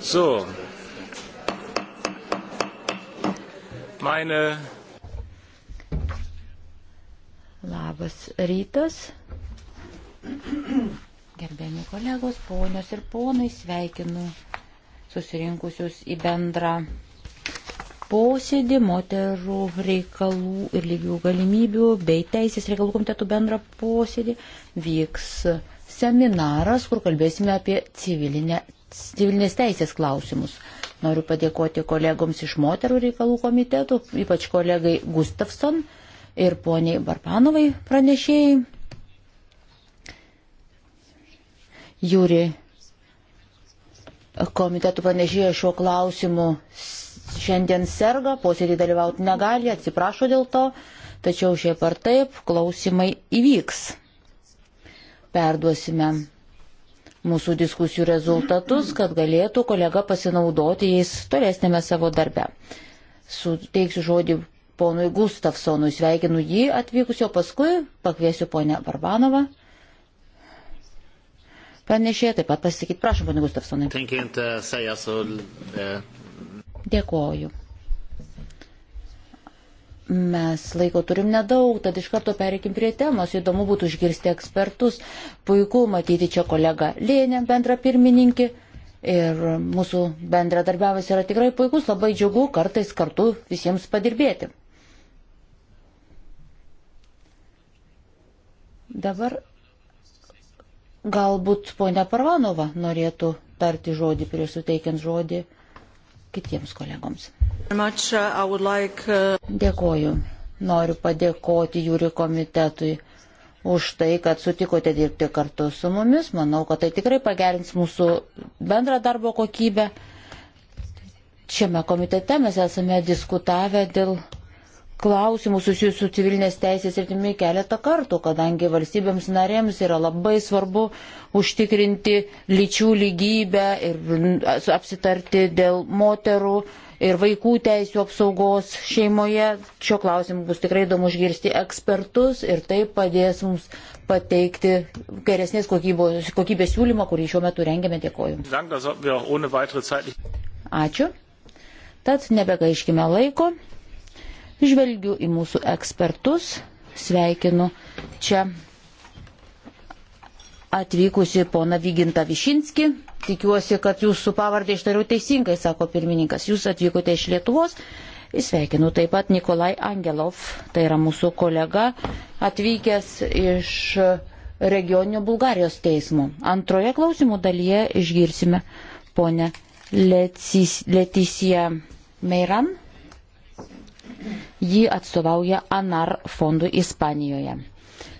So. Meine. Labas rytas. Gerbėmi kolegos, ponios ir ponai, sveikinu susirinkusius į bendrą posėdį moterų reikalų ir lygių galimybių bei teisės reikalų komitetų bendrą posėdį. Vyks seminaras, kur kalbėsime apie civilinę civilinės teisės klausimus. Noriu padėkoti kolegoms iš moterų reikalų komitetų, ypač kolegai Gustafson ir poniai Barpanovai pranešėjai. Jūri komitetų pranešėjo šiuo klausimu šiandien serga, posėdį dalyvauti negali, atsiprašo dėl to, tačiau šiaip ar taip klausimai įvyks. Perduosime mūsų diskusijų rezultatus, kad galėtų kolega pasinaudoti jais tolesnėme savo darbe. Suteiksiu žodį ponui Gustafsonui, sveikinu jį atvykusio, paskui pakviesiu ponę Barbanovą. Pranešė taip pat pasakyti, prašom, ponė Gustafsonai. Uh, uh, Dėkoju. Mes laiko turim nedaug, tad iš karto pereikim prie temos. Įdomu būtų išgirsti ekspertus. Puiku matyti čia kolegą Lėnę, bendrą pirmininkį. Ir mūsų bendradarbiavimas yra tikrai puikus, labai džiugu kartais kartu visiems padirbėti. Dabar galbūt ponia Parvanova norėtų tarti žodį prieš suteikiant žodį kitiems kolegoms. Uh, uh, Dėkoju. Noriu padėkoti jūri komitetui už tai, kad sutikote dirbti kartu su mumis. Manau, kad tai tikrai pagerins mūsų bendrą darbo kokybę. Šiame komitete mes esame diskutavę dėl klausimų susijusių su civilinės teisės ir timi keletą kartų, kadangi valstybėms narėms yra labai svarbu užtikrinti lyčių lygybę ir apsitarti dėl moterų ir vaikų teisų apsaugos šeimoje. Šio klausimu bus tikrai įdomu išgirsti ekspertus ir tai padės mums pateikti geresnės kokybos, kokybės siūlymą, kurį šiuo metu rengiame. Dėkoju. Ačiū. Tad nebegaiškime laiko. Žvelgiu į mūsų ekspertus. Sveikinu čia atvykusi pona Vyginta Višinski Tikiuosi, kad jūsų pavardę ištariu teisingai, sako pirmininkas. Jūs atvykote iš Lietuvos. Sveikinu taip pat Nikolai Angelov, tai yra mūsų kolega, atvykęs iš regioninio Bulgarijos teismo. Antroje klausimų dalyje išgirsime ponę Leticiją Meiran. Ji atstovauja ANAR fondui Ispanijoje.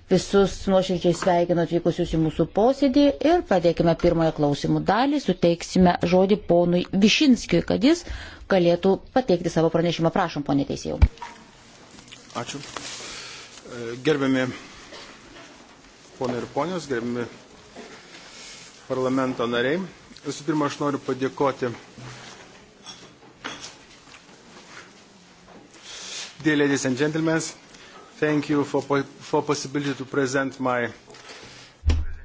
Visus nuoširdžiai sveikinu atvykusius į mūsų posėdį ir pradėkime pirmąją klausimų dalį, suteiksime žodį ponui Višinskijui, kad jis galėtų pateikti savo pranešimą. Prašom, ponė teisėjau. Ačiū. E, gerbiami ponai ir ponios, gerbiami parlamento nariai. Visų pirma, aš noriu padėkoti Dear ladies and gentlemen, Thank you for, for possibility to present my.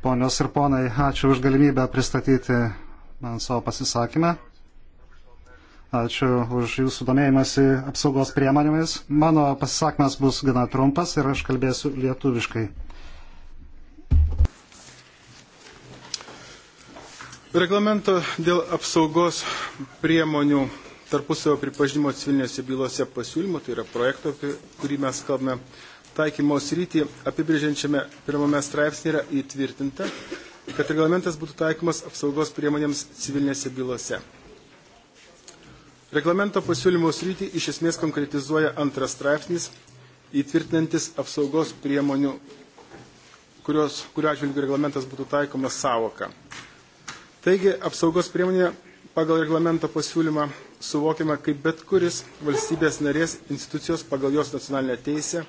Ponios ir ponai, ačiū už galimybę pristatyti man savo pasisakymą. Ačiū už jūsų domėjimąsi apsaugos priemonėmis. Mano pasisakymas bus gana trumpas ir aš kalbėsiu lietuviškai. Reglamento dėl apsaugos priemonių tarpusavio pripažinimo civilinėse bylose pasiūlymų, tai yra projekto, apie kurį mes kalbame, taikymo srity apibrėžiančiame pirmame straipsnėje yra įtvirtinta, kad reglamentas būtų taikomas apsaugos priemonėms civilinėse bylose. Reglamento pasiūlymo srity iš esmės konkretizuoja antras straipsnis, įtvirtinantis apsaugos priemonių, kurios, kurio atžvilgių reglamentas būtų taikomas savoka. Taigi, apsaugos priemonė pagal reglamento pasiūlymą suvokiama kaip bet kuris valstybės narės institucijos pagal jos nacionalinę teisę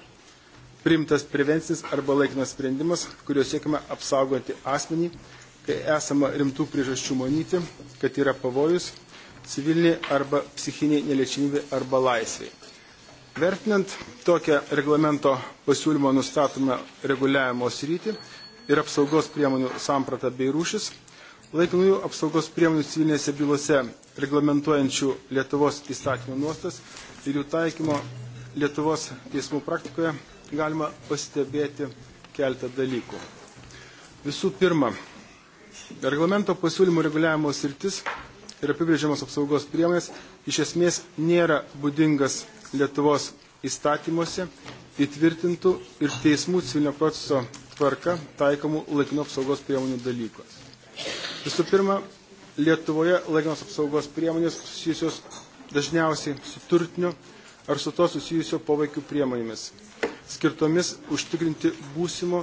priimtas prevencinis arba laikinas sprendimas, kuriuo siekime apsaugoti asmenį, kai esama rimtų priežasčių manyti, kad yra pavojus civilinė arba psichinė neliečiamybė arba laisvė. Vertinant tokią reglamento pasiūlymo nustatomą reguliavimo sritį ir apsaugos priemonių sampratą bei rūšis, laikinųjų apsaugos priemonių civilinėse bylose reglamentuojančių Lietuvos įstatymų nuostas ir jų taikymo Lietuvos teismų praktikoje galima pastebėti keltą dalykų. Visų pirma, reglamento pasiūlymų reguliavimo sritis ir apibrėžiamos apsaugos priemonės iš esmės nėra būdingas Lietuvos įstatymuose įtvirtintų ir teismų civilinio proceso tvarka taikomų laikinų apsaugos priemonių dalykos. Visų pirma, Lietuvoje laikinos apsaugos priemonės susijusios dažniausiai su turtiniu ar su to susijusio poveikiu priemonėmis, skirtomis užtikrinti būsimo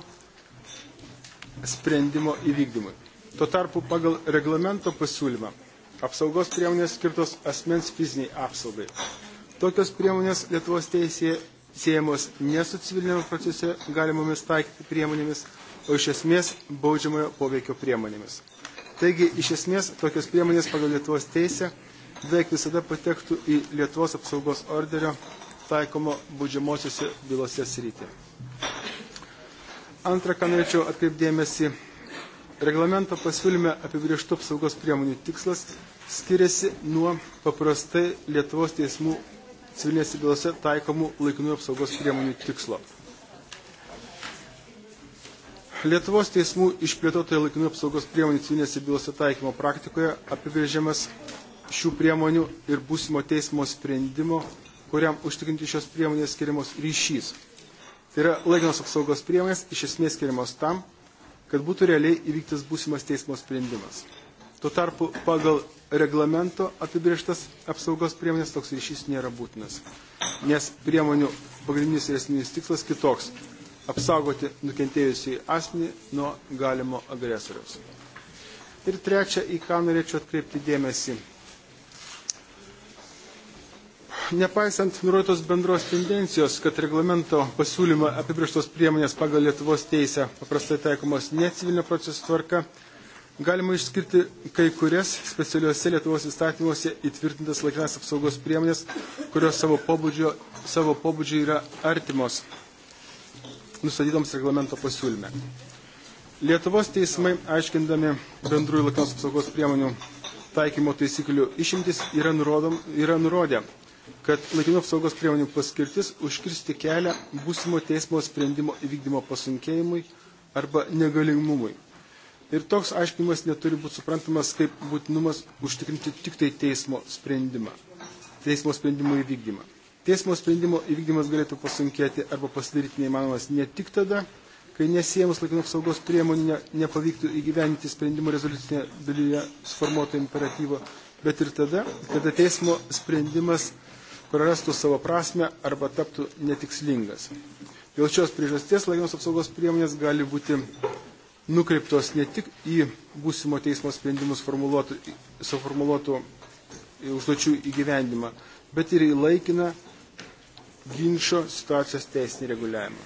sprendimo įvykdymui. Tuo tarpu pagal reglamento pasiūlymą apsaugos priemonės skirtos asmens fiziniai apsaugai. Tokios priemonės Lietuvos teisėje siejamos ne su civilinėme procese galimomis taikyti priemonėmis, o iš esmės baudžiamojo poveikio priemonėmis. Taigi, iš esmės, tokios priemonės pagal Lietuvos teisę beveik visada patektų į Lietuvos apsaugos orderio taikomo būdžiamosiose bylose sritį. Antra, ką norėčiau atkreipdėmėsi, reglamento pasiūlyme apibrieštų apsaugos priemonių tikslas skiriasi nuo paprastai Lietuvos teismų civilinėse bylose taikomų laikinų apsaugos priemonių tikslo. Lietuvos teismų išplėtotoje laikinų apsaugos priemonių civilinėse bylose taikymo praktikoje apibrėžiamas šių priemonių ir būsimo teismo sprendimo, kuriam užtikrinti šios priemonės skiriamos ryšys. Tai yra laikinos apsaugos priemonės iš esmės skiriamos tam, kad būtų realiai įvyktas būsimas teismo sprendimas. Tuo tarpu pagal reglamento apibrieštas apsaugos priemonės toks ryšys nėra būtinas, nes priemonių pagrindinis ir esminis tikslas kitoks apsaugoti nukentėjusiai asmenį nuo galimo agresoriaus. Ir trečia, į ką norėčiau atkreipti dėmesį. Nepaisant nurodytos bendros tendencijos, kad reglamento pasiūlymo apibrieštos priemonės pagal Lietuvos teisę paprastai taikomos ne civilinio proceso tvarka, galima išskirti kai kurias specialiuose Lietuvos įstatymuose įtvirtintas laikinas apsaugos priemonės, kurios savo pobūdžio, savo pobūdžio yra artimos nustatytoms reglamento pasiūlyme. Lietuvos teismai, aiškindami bendrųjų laikinos apsaugos priemonių taikymo taisyklių išimtis, yra, nurodom, yra nurodę, kad laikinų apsaugos priemonių paskirtis užkirsti kelią būsimo teismo sprendimo įvykdymo pasunkėjimui arba negalimumui. Ir toks aiškinimas neturi būti suprantamas kaip būtinumas užtikrinti tik tai teismo sprendimą, teismo sprendimo įvykdymą. Teismo sprendimo įvykdymas galėtų pasunkėti arba pasidaryti neįmanomas ne tik tada, kai nesiemus laikinų apsaugos priemonių ne, nepavyktų įgyveninti sprendimo rezoliucinėje bylyje suformuoto imperatyvo, bet ir tada, kada teismo sprendimas prarastų savo prasme arba taptų netikslingas. Dėl šios priežasties laikinos apsaugos priemonės gali būti nukreiptos ne tik į būsimo teismo sprendimus suformuoluotų e, užduočių įgyvendimą, bet ir į laikiną ginčio situacijos teisinį reguliavimą.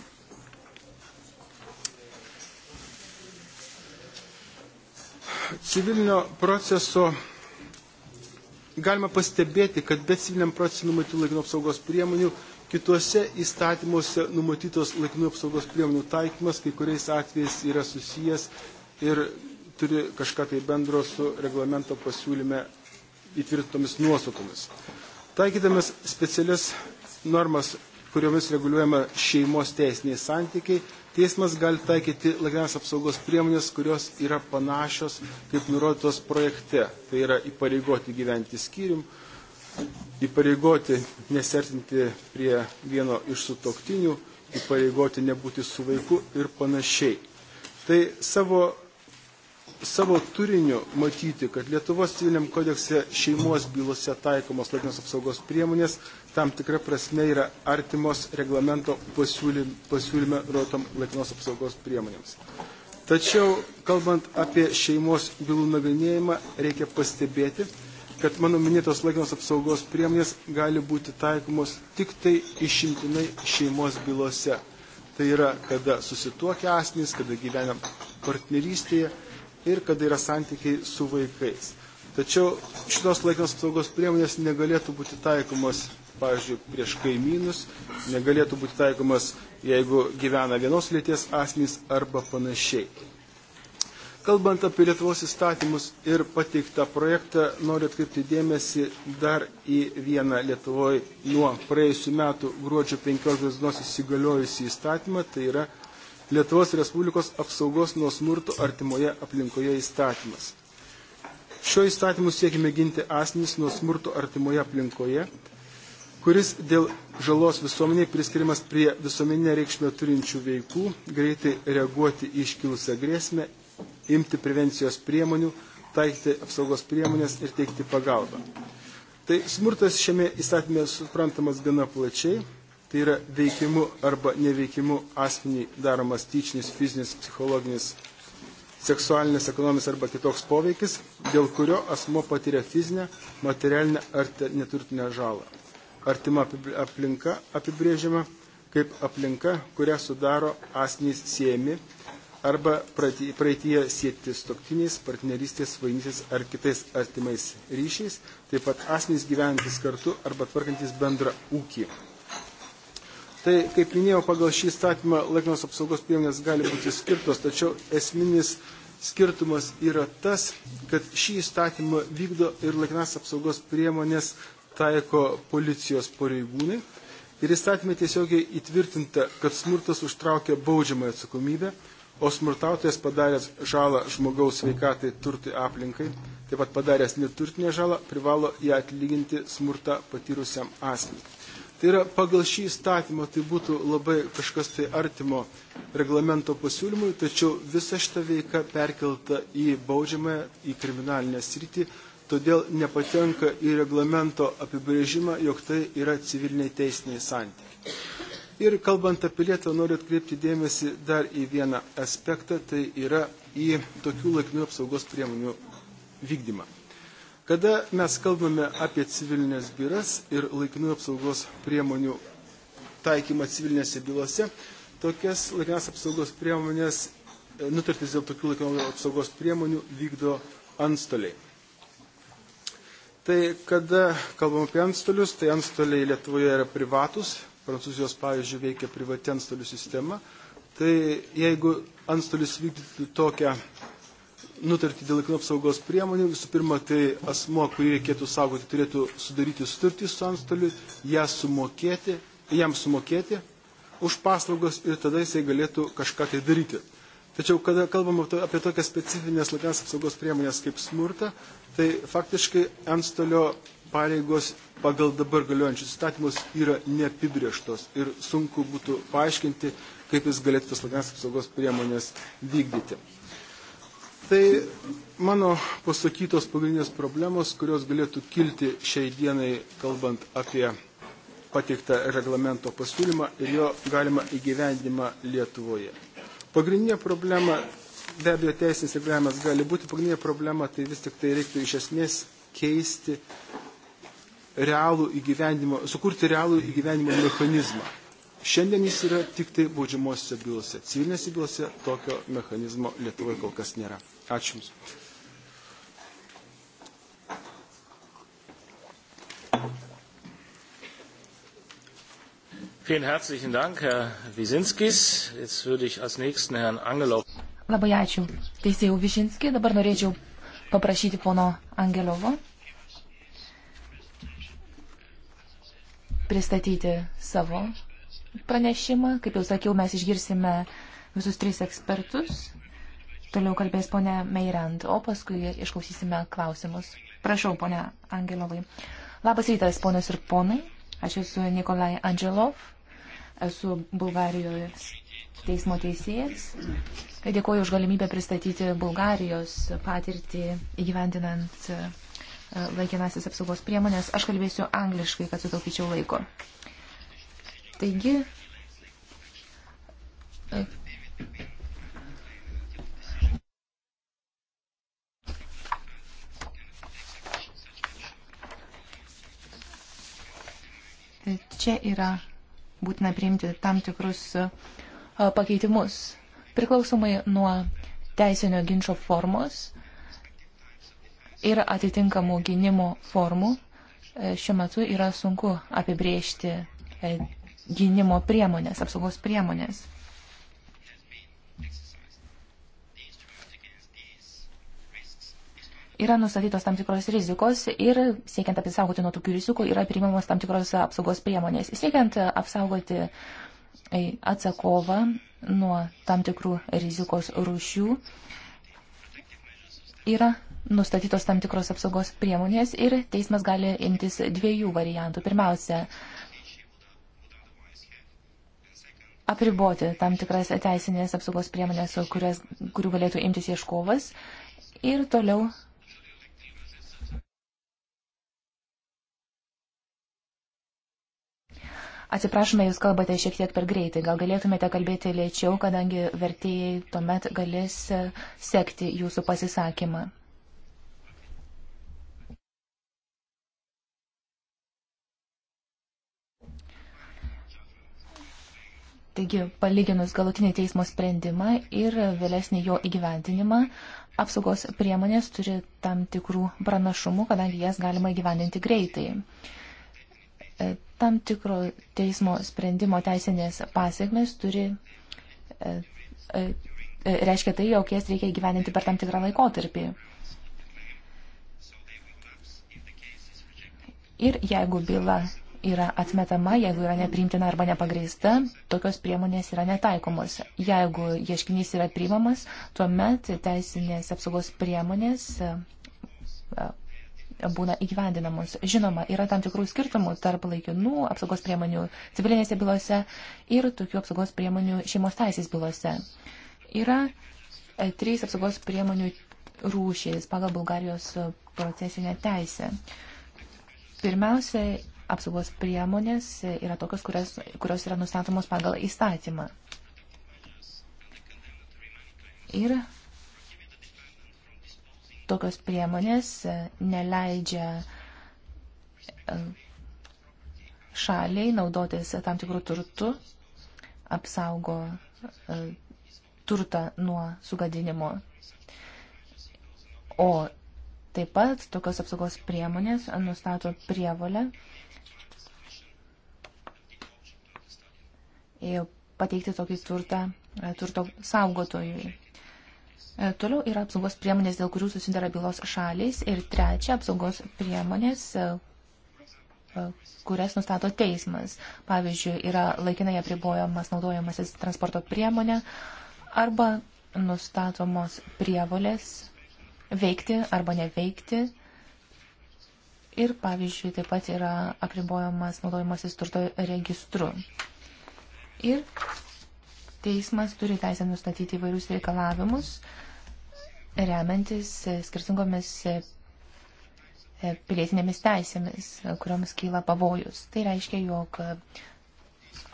Civilinio proceso galima pastebėti, kad be civiliniam procesui numatytų laikinų apsaugos priemonių, kituose įstatymuose numatytos laikinų apsaugos priemonių taikymas kai kuriais atvejais yra susijęs ir turi kažką tai bendro su reglamento pasiūlyme įtvirtintomis nuostatomis. Taikydamas specialias normas, kuriomis reguliuojama šeimos teisiniai santykiai, teismas gali taikyti laikinas apsaugos priemonės, kurios yra panašios, kaip nurodytos projekte. Tai yra įpareigoti gyventi skyrium, įpareigoti nesertinti prie vieno iš sutoktinių, įpareigoti nebūti su vaiku ir panašiai. Tai savo savo turiniu matyti, kad Lietuvos civiliniam kodekse šeimos bylose taikomos laikinos apsaugos priemonės tam tikra prasme yra artimos reglamento pasiūlyme, pasiūlyme rotom laikinos apsaugos priemonėms. Tačiau, kalbant apie šeimos bylų nagrinėjimą, reikia pastebėti, kad mano minėtos laikinos apsaugos priemonės gali būti taikomos tik tai išimtinai šeimos bylose. Tai yra, kada susituokia asmenys, kada gyvenam partnerystėje ir kada yra santykiai su vaikais. Tačiau šitos laikinos apsaugos priemonės negalėtų būti taikomas, pavyzdžiui, prieš kaimynus, negalėtų būti taikomas, jeigu gyvena vienos lyties asmenys arba panašiai. Kalbant apie Lietuvos įstatymus ir pateiktą projektą, noriu atkreipti dėmesį dar į vieną Lietuvoje nuo praėjusių metų gruodžio 15 dienos įsigaliojusi įstatymą, tai yra Lietuvos Respublikos apsaugos nuo smurto artimoje aplinkoje įstatymas. Šiuo įstatymu siekime ginti asmenys nuo smurto artimoje aplinkoje, kuris dėl žalos visuomeniai priskirimas prie visuomeninę reikšmę turinčių veikų, greitai reaguoti į iškilusią grėsmę, imti prevencijos priemonių, taikyti apsaugos priemonės ir teikti pagalbą. Tai smurtas šiame įstatymė suprantamas gana plačiai, tai yra veikimu arba neveikimu asmeniai daromas tyčinis, fizinis, psichologinis, seksualinis, ekonominis arba kitoks poveikis, dėl kurio asmo patiria fizinę, materialinę ar neturtinę žalą. Artima aplinka apibrėžiama kaip aplinka, kurią sudaro asmenys siejami arba praeitie siekti stoktiniais, partnerystės, vainysės ar kitais artimais ryšiais, taip pat asmenys gyvenantis kartu arba tvarkantis bendrą ūkį Tai, kaip minėjau, pagal šį statymą laikinos apsaugos priemonės gali būti skirtos, tačiau esminis skirtumas yra tas, kad šį įstatymą vykdo ir laikinas apsaugos priemonės taiko policijos pareigūnai. Ir įstatymė tiesiogiai įtvirtinta, kad smurtas užtraukia baudžiamą atsakomybę, o smurtautojas padaręs žalą žmogaus sveikatai, turtai aplinkai, taip pat padaręs neturtinę žalą, privalo ją atlyginti smurtą patyrusiam asmeniui. Tai yra pagal šį įstatymą tai būtų labai kažkas tai artimo reglamento pasiūlymui, tačiau visa šita veika perkelta į baudžiamąją, į kriminalinę sritį, todėl nepatenka į reglamento apibrėžimą, jog tai yra civiliniai teisiniai santykiai. Ir kalbant apie Lietuvą, noriu atkreipti dėmesį dar į vieną aspektą, tai yra į tokių laikinų apsaugos priemonių vykdymą. Kada mes kalbame apie civilinės byras ir laikinų apsaugos priemonių taikymą civilinėse bylose, tokias laikinas apsaugos priemonės, e, nutartis dėl tokių laikinų apsaugos priemonių vykdo antstoliai. Tai kada kalbam apie antstolius, tai antstoliai Lietuvoje yra privatus, Prancūzijos pavyzdžių veikia privati antstolių sistema. Tai jeigu antstolis vykdytų tokią nutartį dėl laikinų apsaugos priemonių. Visų pirma, tai asmo, kurį reikėtų saugoti, turėtų sudaryti sutartį su antstoliu, ją sumokėti, jam sumokėti už paslaugas ir tada jisai galėtų kažką tai daryti. Tačiau, kada kalbam apie tokias specifinės laikinas apsaugos priemonės kaip smurta, tai faktiškai antstolio pareigos pagal dabar galiojančius įstatymus yra neapibrieštos ir sunku būtų paaiškinti, kaip jis galėtų tas laikinas apsaugos priemonės vykdyti. Tai mano pasakytos pagrindinės problemos, kurios galėtų kilti šiai dienai, kalbant apie pateiktą reglamento pasiūlymą ir jo galimą įgyvendimą Lietuvoje. Pagrindinė problema, be abejo, teisinis reguliavimas gali būti, pagrindinė problema tai vis tik tai reiktų iš esmės keisti realų įgyvendimo, sukurti realų įgyvendimo mechanizmą. Šiandien jis yra tik tai baudžiamosiose bylose. Civilinėse bylose tokio mechanizmo Lietuvoje kol kas nėra. Ačiū Jums. Vielen herzlichen Dank, Herr Wiesinskis. Jetzt würde ich als nächsten Herrn Angelo. Labai ačiū. Teisėjau Višinskį, dabar norėčiau paprašyti pono Angelovo pristatyti savo pranešimą. Kaip jau sakiau, mes išgirsime visus tris ekspertus. Toliau kalbės ponė Meirand, o paskui išklausysime klausimus. Prašau, ponė Angelovai. Labas rytas, ponios ir ponai. Aš esu Nikolai Angelov, esu Bulgarijos teismo teisėjas. Dėkuoju už galimybę pristatyti Bulgarijos patirtį įgyvendinant e, laikinasis apsaugos priemonės. Aš kalbėsiu angliškai, kad sutaupyčiau laiko. Taigi, čia yra būtina priimti tam tikrus pakeitimus. Priklausomai nuo teisinio ginčio formos ir atitinkamų gynimo formų e, šiuo metu yra sunku apibriežti e, gynimo priemonės, apsaugos priemonės. yra nustatytos tam tikros rizikos ir siekiant apsisaugoti nuo tokių rizikų yra priimamos tam tikros apsaugos priemonės. Siekiant apsaugoti e, atsakovą nuo tam tikrų rizikos rūšių yra nustatytos tam tikros apsaugos priemonės ir teismas gali imtis dviejų variantų. Pirmiausia, apriboti tam tikras teisinės apsaugos priemonės, kurias, kurių galėtų imtis ieškovas ir toliau Atsiprašome, jūs kalbate šiek tiek per greitai. Gal galėtumėte kalbėti lėčiau, kadangi vertėjai tuomet galės e, sekti jūsų pasisakymą. Taigi, palyginus galutinį teismo sprendimą ir vėlesnį jo įgyventinimą, apsaugos priemonės turi tam tikrų pranašumų, kadangi jas galima įgyvendinti greitai. E, tam tikro teismo sprendimo teisinės pasiekmes turi e, e, reiškia tai, jog jas reikia įgyveninti per tam tikrą laikotarpį. Ir jeigu byla yra atmetama, jeigu yra nepriimtina arba nepagreista, tokios priemonės yra netaikomos. Jeigu ieškinys yra priimamas, tuomet teisinės apsaugos priemonės būna įgyvendinamos. Žinoma, yra tam tikrų skirtumų tarp laikinų apsaugos priemonių civilinėse bylose ir tokių apsaugos priemonių šeimos teisės bylose. Yra e, trys apsaugos priemonių rūšys pagal Bulgarijos e, procesinę teisę. Pirmiausia, apsaugos priemonės e, yra tokios, kurios, kurios yra nustatomos pagal įstatymą. Ir Tokios priemonės e, neleidžia e, šaliai naudotis tam tikrų turtų, apsaugo e, turtą nuo sugadinimo. O taip pat tokios apsaugos priemonės nustato prievolę pateikti tokį turtą turto saugotojui. E, toliau yra apsaugos priemonės, dėl kurių susidara bylos šalys. Ir trečia, apsaugos priemonės, e, e, kurias nustato teismas. Pavyzdžiui, yra laikinai apribojamas naudojamasis transporto priemonė arba nustatomos prievolės veikti arba neveikti. Ir, pavyzdžiui, taip pat yra apribojamas naudojamasis turto registru. Ir teismas turi teisę nustatyti įvairius reikalavimus, remiantis e, skirtingomis e, e, pilietinėmis teisėmis, kurioms kyla pavojus. Tai reiškia, jog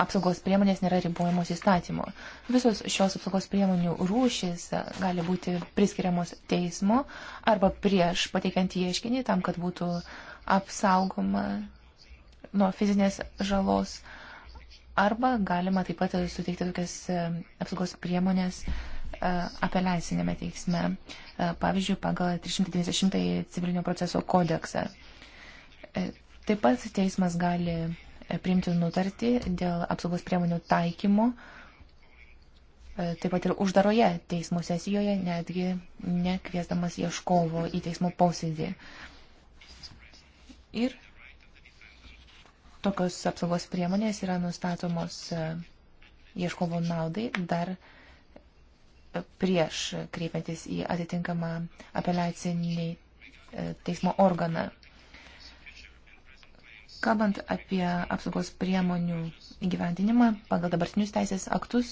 apsaugos priemonės nėra ribojamos įstatymu. Visos šios apsaugos priemonių rūšis gali būti priskiriamos teismo arba prieš pateikiant ieškinį tam, kad būtų apsaugoma nuo fizinės žalos arba galima taip pat suteikti tokias apsaugos priemonės E, apeliacinėme teiksme, e, pavyzdžiui, pagal 390 civilinio proceso kodeksą. E, taip pat teismas gali priimti nutartį dėl apsaugos priemonių taikymo, taip pat ir uždaroje teismo sesijoje, netgi nekviesdamas ieškovo į teismo posėdį. Ir tokios apsaugos priemonės yra nustatomos ieškovo naudai dar prieš kreipiantis į atitinkamą apeliacinį e, teismo organą. Kalbant apie apsaugos priemonių įgyvendinimą pagal dabartinius teisės aktus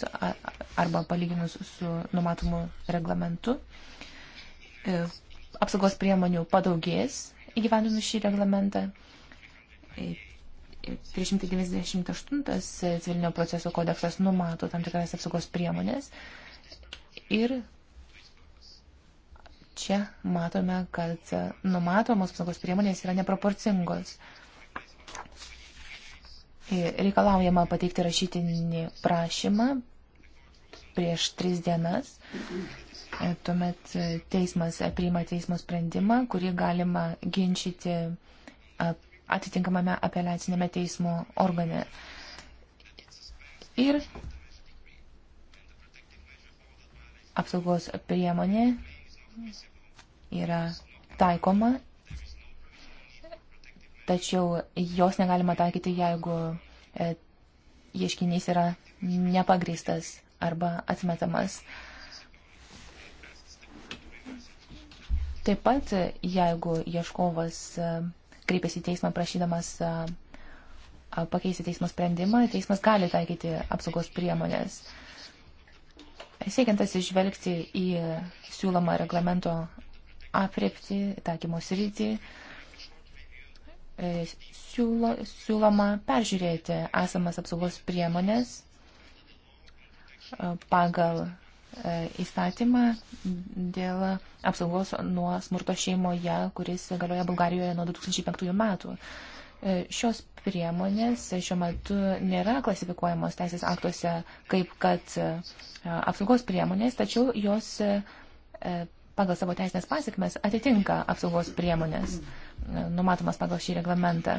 arba palyginus su numatomu reglamentu, e, apsaugos priemonių padaugės įgyvendinus šį reglamentą. 398 e, civilinio proceso kodeksas numato tam tikras apsaugos priemonės, Ir čia matome, kad numatomos apsaugos priemonės yra neproporcingos. Reikalaujama pateikti rašytinį prašymą prieš tris dienas. E, tuomet teismas priima teismo sprendimą, kurį galima ginčyti e, atitinkamame apeliacinėme teismo organe. Ir apsaugos priemonė yra taikoma, tačiau jos negalima taikyti, jeigu e, ieškinys yra nepagristas arba atmetamas. Taip pat, jeigu ieškovas e, kreipiasi į teismą prašydamas e, pakeisti teismo sprendimą, teismas gali taikyti apsaugos priemonės. Siekiant atsižvelgti į siūlomą reglamento apriepti, taikymo sritį, e, siūlo, siūloma peržiūrėti esamas apsaugos priemonės e, pagal e, įstatymą dėl apsaugos nuo smurto šeimoje, kuris galioja Bulgarijoje nuo 2005 metų. Šios priemonės šiuo metu nėra klasifikuojamos teisės aktuose kaip kad e, apsaugos priemonės, tačiau jos e, e, pagal savo teisinės pasiekmes atitinka apsaugos priemonės numatomas pagal šį reglamentą.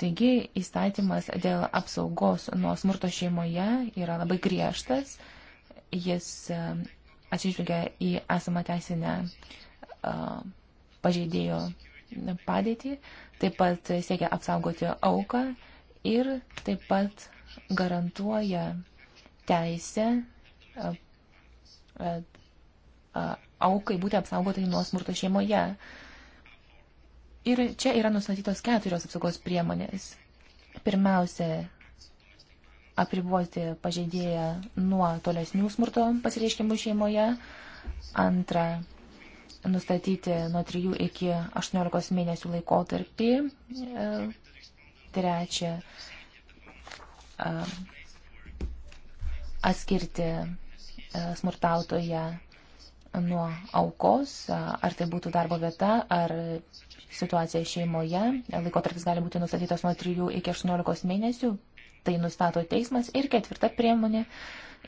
Taigi įstatymas dėl apsaugos nuo smurto šeimoje yra labai griežtas. Jis atsižvelgia į esamą teisinę pažeidėjo padėtį, taip pat siekia apsaugoti auką ir taip pat garantuoja teisę aukai būti apsaugotai nuo smurto šeimoje. Ir čia yra nustatytos keturios apsaugos priemonės. Pirmiausia, apriboti pažeidėją nuo tolesnių smurto pasireiškimų šeimoje. Antra, nustatyti nuo 3 iki 18 mėnesių laikotarpį. E, Trečia, e, atskirti e, smurtautoje nuo aukos, ar tai būtų darbo vieta, ar situacija šeimoje. Laikotarpis gali būti nustatytas nuo 3 iki 18 mėnesių, tai nustato teismas. Ir ketvirta priemonė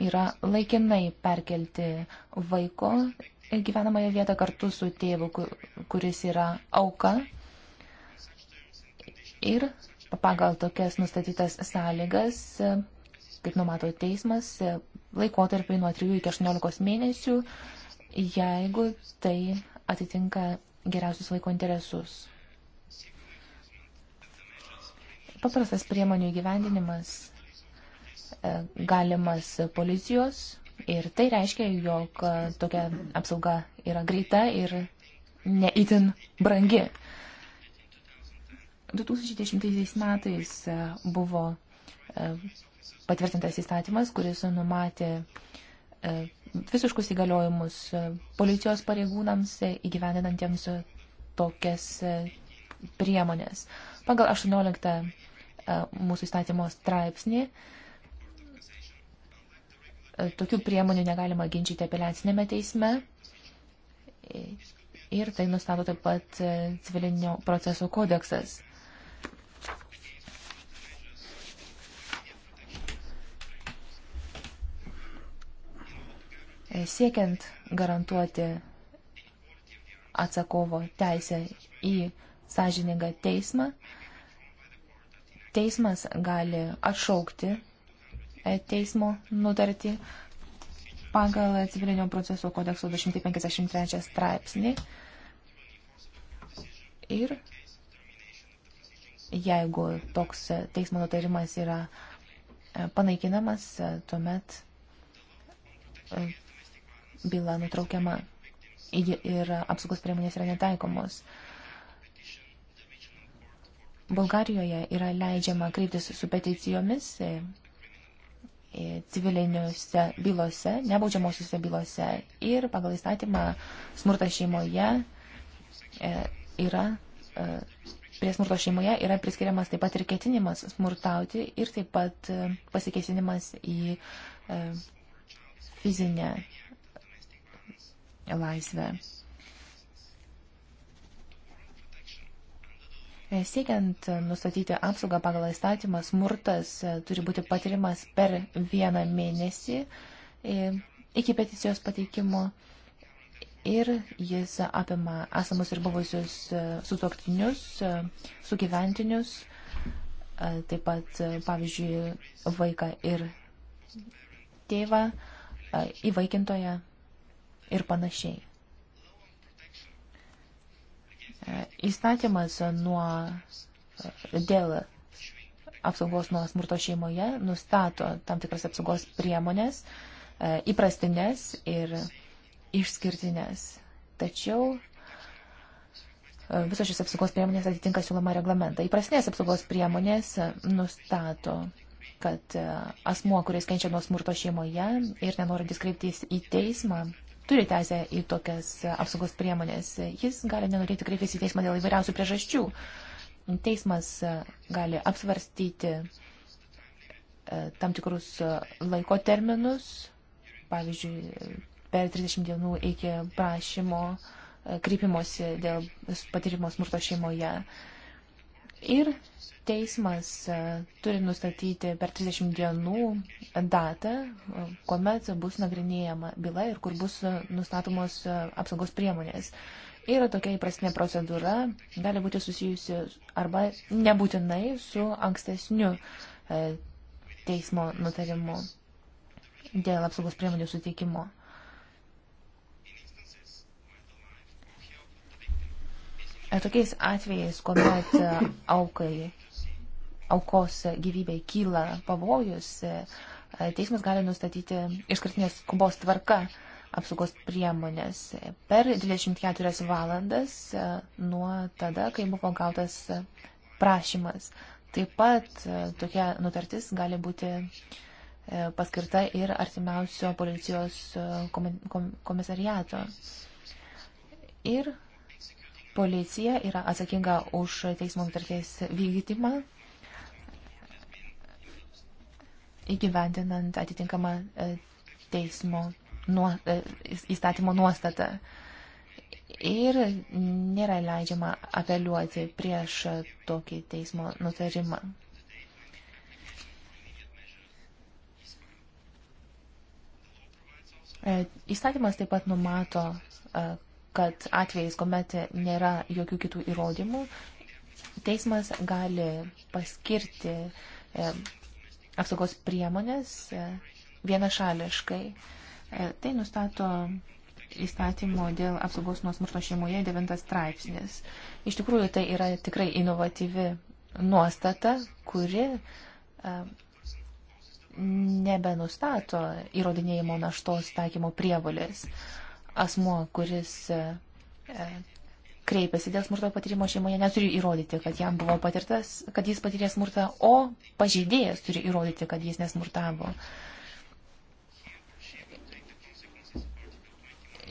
yra laikinai perkelti vaiko gyvenamąją vietą kartu su tėvu, kuris yra auka. Ir pagal tokias nustatytas sąlygas, kaip numato teismas, laikotarpiai nuo 3 iki 18 mėnesių, jeigu tai atitinka geriausius vaiko interesus. Paprastas priemonių įgyvendinimas e, galimas policijos Ir tai reiškia, jog e, tokia apsauga yra greita ir neįtin brangi. 2010 metais e, buvo e, patvirtintas įstatymas, kuris numatė visiškus įgaliojimus policijos pareigūnams įgyvendinantiems tokias priemonės. Pagal 18 mūsų įstatymo straipsnį E, tokių priemonių negalima ginčyti apeliacinėme teisme. Ir tai nustato taip pat e, civilinio proceso kodeksas. E, siekiant garantuoti atsakovo teisę į sąžiningą teismą, teismas gali atšaukti E, teismo nutartį pagal civilinio proceso kodekso 253 straipsnį. Ir jeigu toks teismo nutarimas yra e, panaikinamas, e, tuomet byla nutraukiama ir apsaugos priemonės yra netaikomos. Bulgarijoje yra leidžiama kreiptis su peticijomis E, civiliniuose bylose, nebaudžiamosiuose bylose ir pagal įstatymą smurtas šeimoje e, yra e, prie smurto šeimoje yra priskiriamas taip pat ir ketinimas smurtauti ir taip pat pasikesinimas į fizinę laisvę. Siekiant nustatyti apsaugą pagal įstatymą, smurtas e, turi būti patirimas per vieną mėnesį e, iki peticijos pateikimo ir jis apima esamus ir buvusius e, sutoktinius, sugyventinius, taip pat, pavyzdžiui, vaiką ir tėvą, įvaikintoją ir panašiai. Įstatymas nuo dėl apsaugos nuo smurto šeimoje nustato tam tikras apsaugos priemonės, e, įprastinės ir išskirtinės. Tačiau e, visos šis apsaugos priemonės atitinka siūloma reglamentą. Įprastinės apsaugos priemonės nustato kad e, asmuo, kuris kenčia nuo smurto šeimoje ir nenorintis kreiptis į teismą, turi teisę į tokias apsaugos priemonės. Jis gali nenorėti kreiptis į teismą dėl įvairiausių priežasčių. Teismas gali apsvarstyti e, tam tikrus e, laiko terminus, pavyzdžiui, per 30 dienų iki prašymo e, kreipimosi dėl patyrimo smurto šeimoje. Ir teismas e, turi nustatyti per 30 dienų datą, e, kuomet bus nagrinėjama byla ir kur bus e, nustatomos apsaugos priemonės. Ir tokia įprastinė procedūra gali būti susijusi arba nebūtinai su ankstesniu teismo nutarimu dėl apsaugos priemonių suteikimo. E, tokiais atvejais, kuomet e, aukai, aukos gyvybei kyla pavojus, e, teismas gali nustatyti iškartinės skubos tvarka apsaugos priemonės per 24 valandas nuo tada, kai buvo gautas prašymas. Taip pat tokia nutartis gali būti paskirta ir artimiausio policijos komisariato. Ir Policija yra atsakinga už teismo nutarties vykdymą, įgyvendinant atitinkamą e, teismo nuo, e, įstatymo nuostatą. Ir nėra leidžiama apeliuoti prieš tokį teismo nutarimą. E, įstatymas taip pat numato kad atvejais, kuomet nėra jokių kitų įrodymų, teismas gali paskirti e, apsaugos priemonės e, vienašališkai. E, tai nustato įstatymo dėl apsaugos nuo smurto šeimoje 9 straipsnis. Iš tikrųjų, tai yra tikrai inovatyvi nuostata, kuri nebenustato įrodinėjimo naštos taikymo prievolės asmuo, kuris e, e, kreipiasi dėl smurto patyrimo šeimoje, neturi įrodyti, kad jam buvo patirtas, kad jis patyrė smurtą, o pažeidėjas turi įrodyti, kad jis nesmurtavo.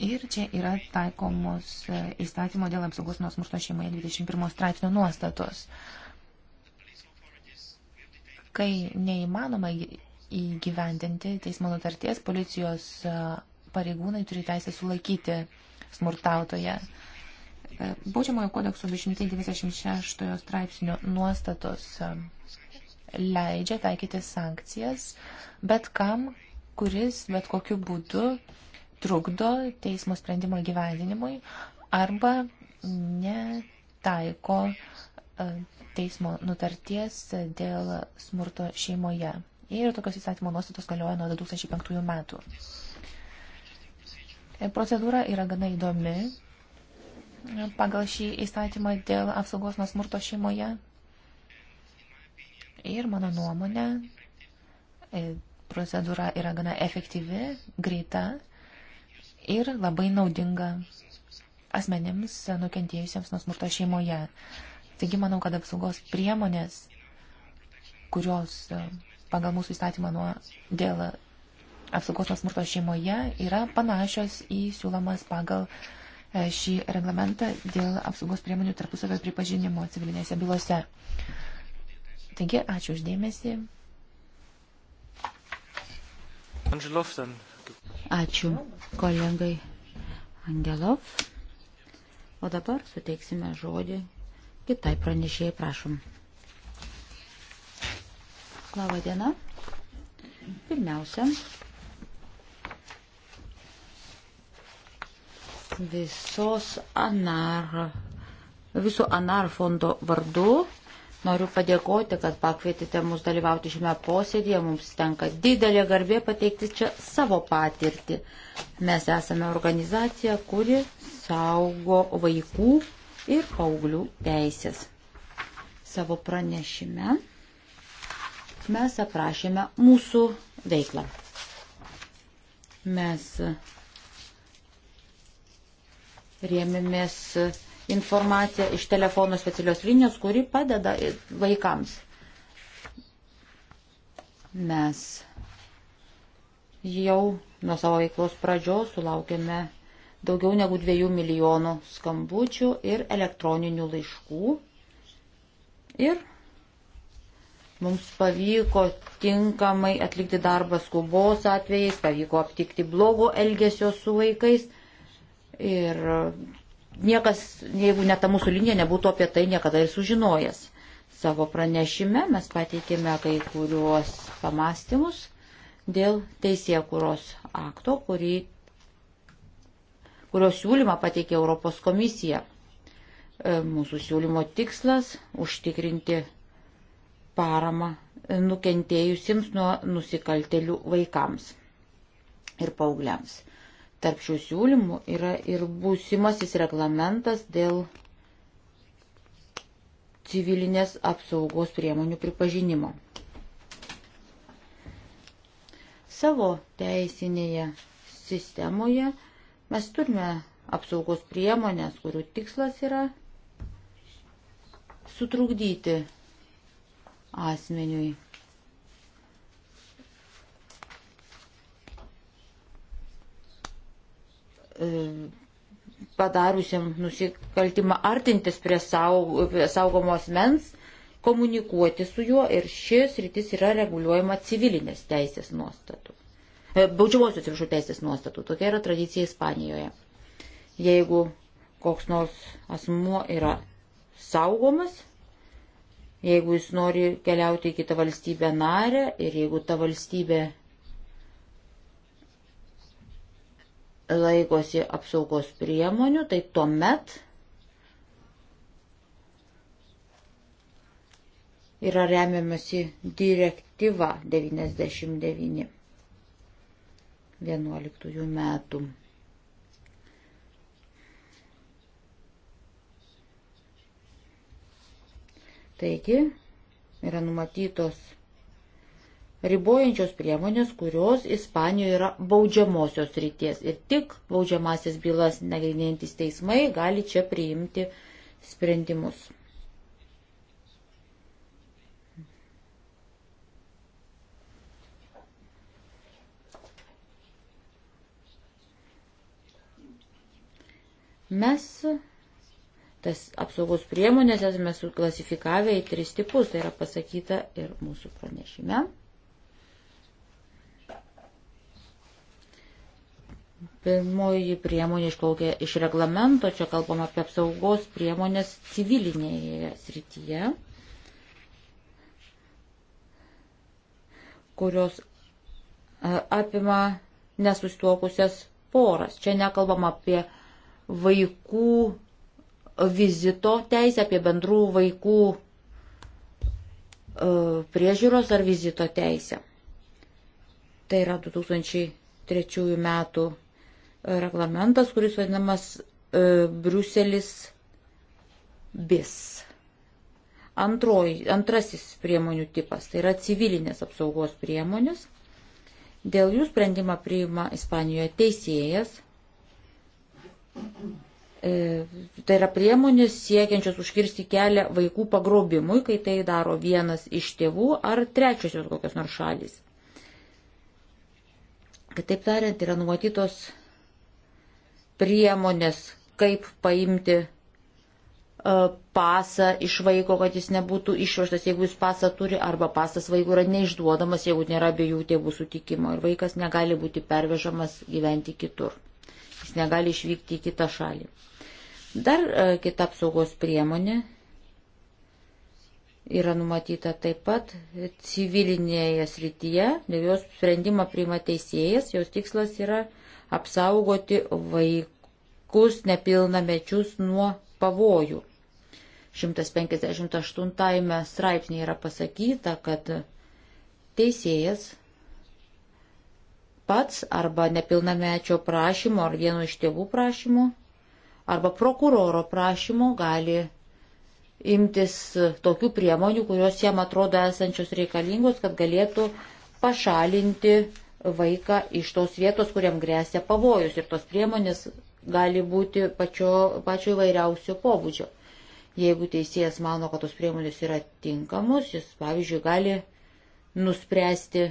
Ir čia yra taikomos e, įstatymo dėl apsaugos nuo smurto šeimoje 21 straipsnio nuostatos. Kai neįmanoma įgyvendinti teismo nutarties, policijos pareigūnai turi teisę sulaikyti smurtautoje. E, baudžiamojo kodekso 296 straipsnio nuostatos e, leidžia taikyti sankcijas bet kam, kuris bet kokiu būdu trukdo teismo sprendimo įgyvendinimui arba netaiko e, teismo nutarties dėl smurto šeimoje. Ir tokios įstatymo nuostatos galioja nuo 2005 metų. Procedūra yra gana įdomi pagal šį įstatymą dėl apsaugos nuo smurto šeimoje. Ir mano nuomonė, e, procedūra yra gana efektyvi, greita ir labai naudinga asmenims nukentėjusiems nuo smurto šeimoje. Taigi manau, kad apsaugos priemonės, kurios e, pagal mūsų įstatymą nuo, dėl apsaugos nuo smurto šeimoje yra panašios į siūlomas pagal e, šį reglamentą dėl apsaugos priemonių tarpusavio pripažinimo civilinėse bylose. Taigi, ačiū uždėmesi. Ačiū kolegai Angelov. O dabar suteiksime žodį kitai pranešėjai, prašom. Labą dieną. Pirmiausia, visos ANAR, viso ANAR fondo vardu. Noriu padėkoti, kad pakvietėte mus dalyvauti šiame posėdėje. Mums tenka didelė garbė pateikti čia savo patirtį. Mes esame organizacija, kuri saugo vaikų ir paauglių teisės. Savo pranešime mes aprašėme mūsų veiklą. Mes rėmėmės informaciją iš telefono specialios linijos, kuri padeda vaikams. Mes jau nuo savo veiklos pradžios sulaukėme daugiau negu 2 milijonų skambučių ir elektroninių laiškų. Ir mums pavyko tinkamai atlikti darbą skubos atvejais, pavyko aptikti blogo elgesio su vaikais Ir e, niekas, jeigu ne ta mūsų linija, nebūtų apie tai niekada ir sužinojęs. Savo pranešime mes pateikėme kai kuriuos pamastymus dėl teisėkuros akto, kurį, kurio siūlymą pateikė Europos komisija. E, mūsų siūlymo tikslas - užtikrinti paramą nukentėjusiems nuo nusikaltelių vaikams ir paaugliams. Tarp šių siūlymų yra ir būsimasis reglamentas dėl civilinės apsaugos priemonių pripažinimo. Savo teisinėje sistemoje mes turime apsaugos priemonės, kurių tikslas yra sutrukdyti asmeniui padariusiam nusikaltimą artintis prie, saug, prie saugomos mens, komunikuoti su juo ir šis rytis yra reguliuojama civilinės teisės nuostatų. E, baudžiamosios viršų teisės nuostatų. Tokia yra tradicija Ispanijoje. Jeigu koks nors asmuo yra saugomas, jeigu jis nori keliauti į kitą valstybę narę ir jeigu ta valstybė laikosi apsaugos priemonių, tai tuomet yra remiamasi direktyva 99 11 metų. Taigi yra numatytos ribojančios priemonės, kurios Ispanijoje yra baudžiamosios ryties. Ir tik baudžiamasis bylas nagrinėjantis teismai gali čia priimti sprendimus. Mes tas apsaugos priemonės esame suklasifikavę į tris tipus, tai yra pasakyta ir mūsų pranešime. Pirmoji priemonė išplaukia iš reglamento, čia kalbama apie apsaugos priemonės civilinėje srityje, kurios e, apima nesustuokusias poras. Čia nekalbama apie vaikų vizito teisę, apie bendrų vaikų e, priežiūros ar vizito teisę. Tai yra 2003 metų reglamentas, kuris vadinamas e, Briuselis bis. Antroj, antrasis priemonių tipas tai yra civilinės apsaugos priemonės. Dėl jų sprendimą priima Ispanijoje teisėjas. E, tai yra priemonės siekiančios užkirsti kelią vaikų pagrobimui, kai tai daro vienas iš tėvų ar trečiosios kokios nors šalis. Kitaip tariant, yra numatytos priemonės, kaip paimti e, pasą iš vaiko, kad jis nebūtų išvežtas, jeigu jis pasą turi, arba pasas vaikų yra neišduodamas, jeigu nėra abiejų tėvų sutikimo ir vaikas negali būti pervežamas gyventi kitur. Jis negali išvykti į kitą šalį. Dar e, kita apsaugos priemonė yra numatyta taip pat civilinėje srityje, jos sprendimą priima teisėjas, jos tikslas yra apsaugoti vaikus nepilnamečius nuo pavojų. 158 straipsnėje yra pasakyta, kad teisėjas pats arba nepilnamečio prašymo ar vieno iš tėvų prašymo arba prokuroro prašymo gali imtis tokių priemonių, kurios jam atrodo esančios reikalingos, kad galėtų pašalinti vaiką iš tos vietos, kuriam grėsia pavojus ir tos priemonės gali būti pačio, pačio įvairiausio pobūdžio. Jeigu teisėjas mano, kad tos priemonės yra tinkamos, jis, pavyzdžiui, gali nuspręsti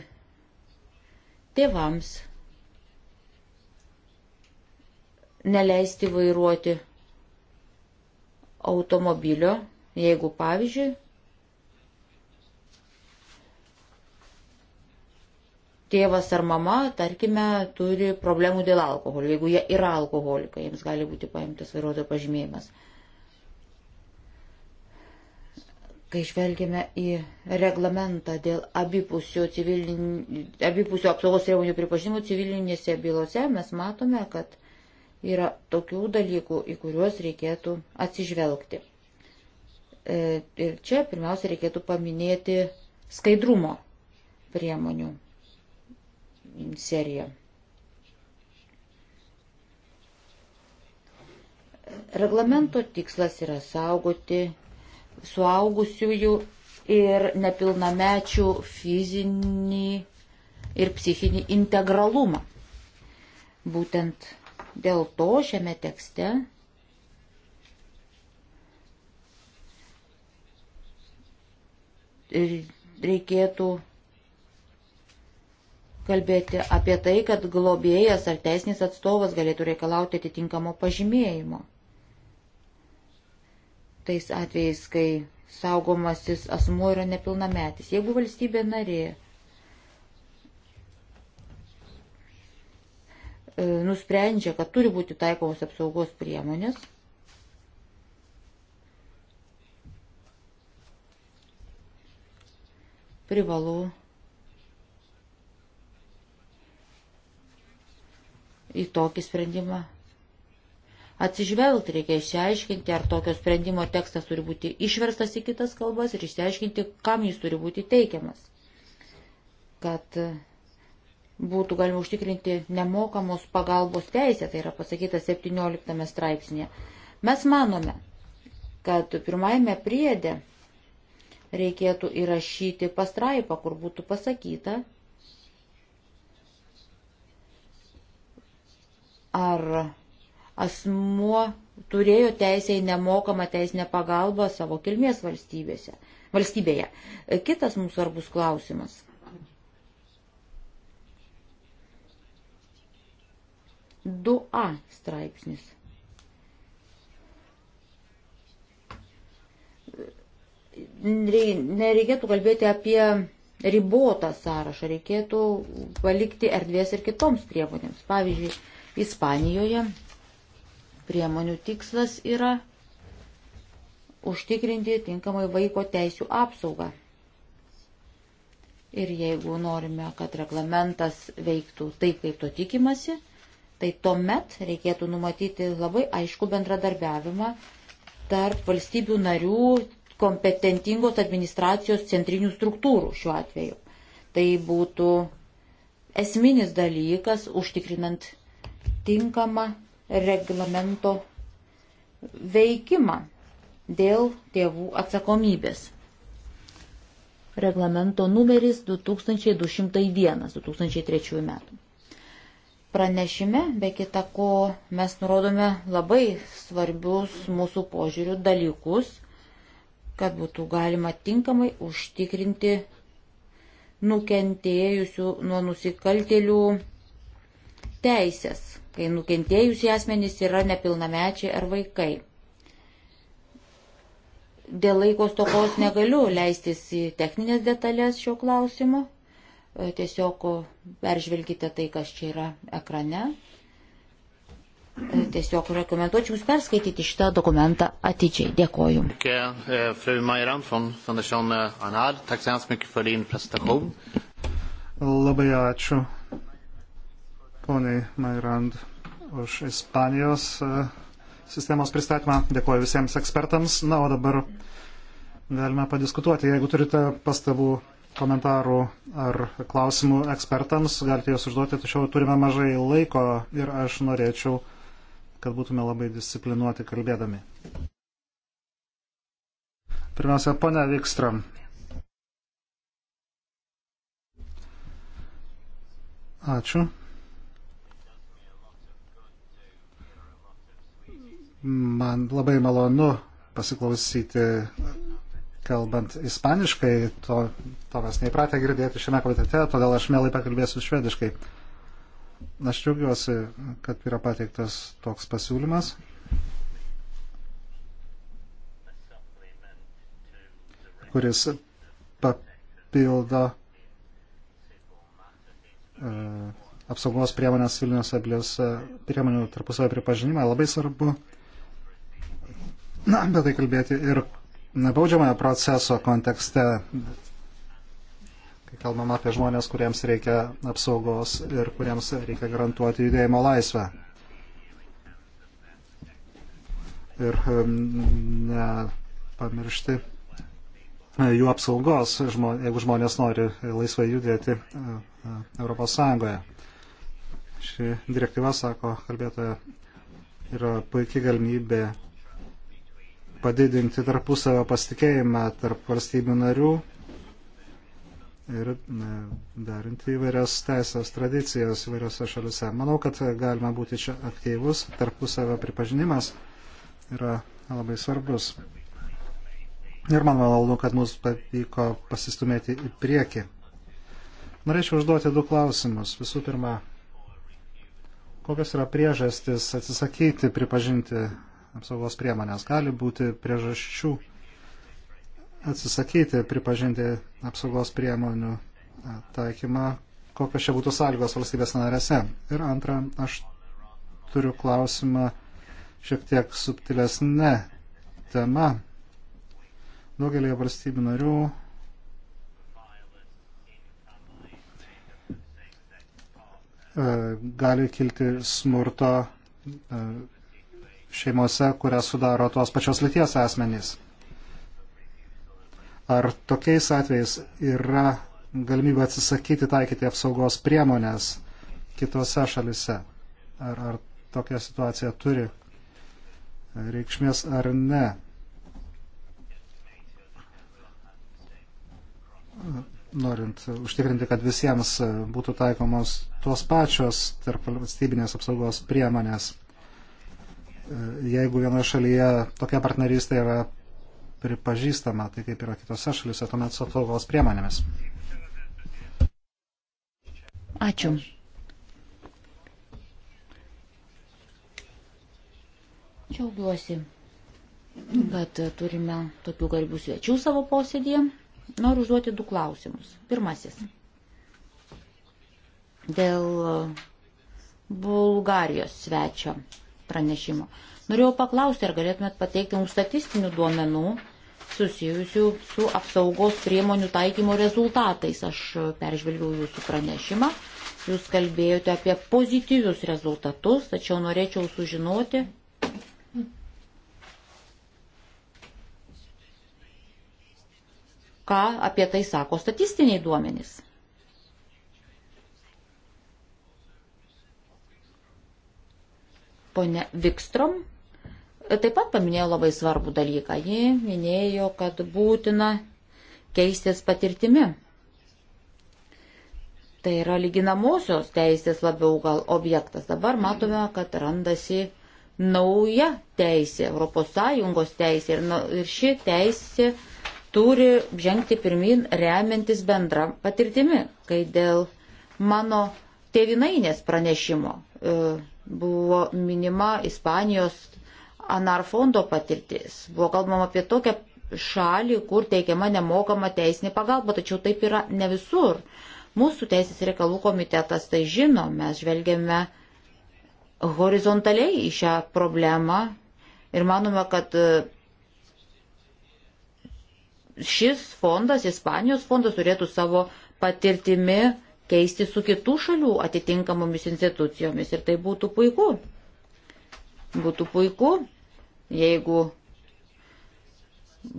tėvams neleisti vairuoti automobilio, jeigu, pavyzdžiui, tėvas ar mama, tarkime, turi problemų dėl alkoholio. Jeigu jie yra alkoholikai, jiems gali būti paimtas vairuotojo pažymėjimas. Kai žvelgėme į reglamentą dėl abipusio, civilin... abipusio apsaugos priemonių pripažinimo civilinėse bylose, mes matome, kad yra tokių dalykų, į kuriuos reikėtų atsižvelgti. E, ir čia pirmiausia reikėtų paminėti skaidrumo priemonių seriją. Reglamento tikslas yra saugoti suaugusiųjų ir nepilnamečių fizinį ir psichinį integralumą. Būtent dėl to šiame tekste reikėtų kalbėti apie tai, kad globėjas ar teisinis atstovas galėtų reikalauti atitinkamo pažymėjimo. Tais atvejais, kai saugomasis asmuo yra nepilnametis. Jeigu valstybė narė e, nusprendžia, kad turi būti taikomos apsaugos priemonės, privalu į tokį sprendimą atsižvelgti, reikia išsiaiškinti, ar tokio sprendimo tekstas turi būti išverstas į kitas kalbas ir išsiaiškinti, kam jis turi būti teikiamas. Kad būtų galima užtikrinti nemokamos pagalbos teisę, tai yra pasakyta 17 straipsnėje. Mes manome, kad pirmajame priedė reikėtų įrašyti pastraipą, kur būtų pasakyta, ar asmuo turėjo teisę į nemokamą teisinę pagalbą savo kilmės valstybėje. Kitas mums svarbus klausimas. Du A straipsnis. Nereikėtų kalbėti apie ribotą sąrašą, reikėtų palikti erdvės ir kitoms priemonėms. Pavyzdžiui, Ispanijoje priemonių tikslas yra užtikrinti tinkamai vaiko teisų apsaugą. Ir jeigu norime, kad reglamentas veiktų taip, kaip to tikimasi, tai tuomet reikėtų numatyti labai aišku bendradarbiavimą tarp valstybių narių kompetentingos administracijos centrinių struktūrų šiuo atveju. Tai būtų esminis dalykas užtikrinant tinkamą reglamento veikimą dėl tėvų atsakomybės. Reglamento numeris 2201-2003 metų. Pranešime, be kita ko, mes nurodome labai svarbius mūsų požiūrių dalykus, kad būtų galima tinkamai užtikrinti nukentėjusių nuo nusikaltėlių teisės kai nukentėjusi asmenys yra nepilnamečiai ar vaikai. Dėl laikos tokos negaliu leistis į techninės detalės šio klausimo. E, tiesiog peržvelgite tai, kas čia yra ekrane. E, tiesiog rekomenduočiau Jums perskaityti šitą dokumentą atidžiai. Dėkoju. Eh, Labai ačiū poniai Mairand už Ispanijos e, sistemos pristatymą. Dėkuoju visiems ekspertams. Na, o dabar galime padiskutuoti. Jeigu turite pastabų, komentarų ar klausimų ekspertams, galite juos užduoti, tačiau turime mažai laiko ir aš norėčiau, kad būtume labai disciplinuoti kalbėdami. Pirmiausia, ponia Vikstram. Ačiū. Man labai malonu pasiklausyti, kalbant ispaniškai, to, to mes neįpratę girdėti šiame komitete, todėl aš mielai pakalbėsiu švediškai. Aš džiaugiuosi, kad yra pateiktas toks pasiūlymas. kuris papildo e, apsaugos priemonės civilinės abilės e, priemonių tarpusavio pripažinimą. Labai svarbu uh, Na, bet tai kalbėti ir baudžiamojo proceso kontekste, kai kalbam apie žmonės, kuriems reikia apsaugos ir kuriems reikia garantuoti judėjimo laisvę. Ir nepamiršti e, jų apsaugos, jeigu žmonės nori laisvai judėti e, e, Europos Sąjungoje. Ši direktyva, sako kalbėtoja, yra puikia galimybė padidinti tarpusavio pasitikėjimą tarp valstybių narių ir darinti įvairias teisės tradicijas įvairiose šalise. Manau, kad galima būti čia aktyvus, tarpusavio pripažinimas yra labai svarbus. Ir man malonu, kad mums pavyko pasistumėti į priekį. Norėčiau užduoti du klausimus. Visų pirma, kokios yra priežastis atsisakyti pripažinti apsaugos priemonės. Gali būti priežasčių atsisakyti pripažinti apsaugos priemonių e, taikymą, kokios čia būtų sąlygos valstybės narėse. Ir antra, aš turiu klausimą šiek tiek subtilesnė tema. Daugelį valstybių narių e, gali kilti smurto e, šeimose, kurias sudaro tos pačios lyties asmenys. Ar tokiais atvejais yra galimybė atsisakyti taikyti apsaugos priemonės kitose šalise? Ar, ar tokia situacija turi reikšmės ar ne? norint užtikrinti, kad visiems būtų taikomos tos pačios tarp valstybinės apsaugos priemonės jeigu vienoje šalyje tokia partnerystė yra pripažįstama, tai kaip yra kitose šalise, tuomet su apsaugos priemonėmis. Ačiū. Džiaugiuosi, kad turime tokių garbių svečių savo posėdėje. Noriu užduoti du klausimus. Pirmasis. Dėl Bulgarijos svečio pranešimo. Norėjau paklausti, ar galėtumėt pateikti mums statistinių duomenų susijusių su apsaugos priemonių taikymo rezultatais. Aš peržvelgiau jūsų pranešimą, jūs kalbėjote apie pozityvius rezultatus, tačiau norėčiau sužinoti. Ką apie tai sako statistiniai duomenys? Pone Vikstrom taip pat paminėjo labai svarbų dalyką. Ji minėjo, kad būtina keistis patirtimi. Tai yra lyginamosios teisės labiau gal objektas. Dabar matome, kad randasi nauja teisė, ES teisė ir, nu, ir ši teisė turi žengti pirmin remiantis bendra patirtimi, kai dėl mano tėvinainės pranešimo. E, Buvo minima Ispanijos anarfondo patirtis. Buvo kalbama apie tokią šalį, kur teikiama nemokama teisinė pagalba, tačiau taip yra ne visur. Mūsų teisės reikalų komitetas tai žino, mes žvelgiame horizontaliai į šią problemą ir manome, kad e, šis fondas, Ispanijos fondas turėtų savo patirtimi keisti su kitų šalių atitinkamomis institucijomis. Ir tai būtų puiku. Būtų puiku, jeigu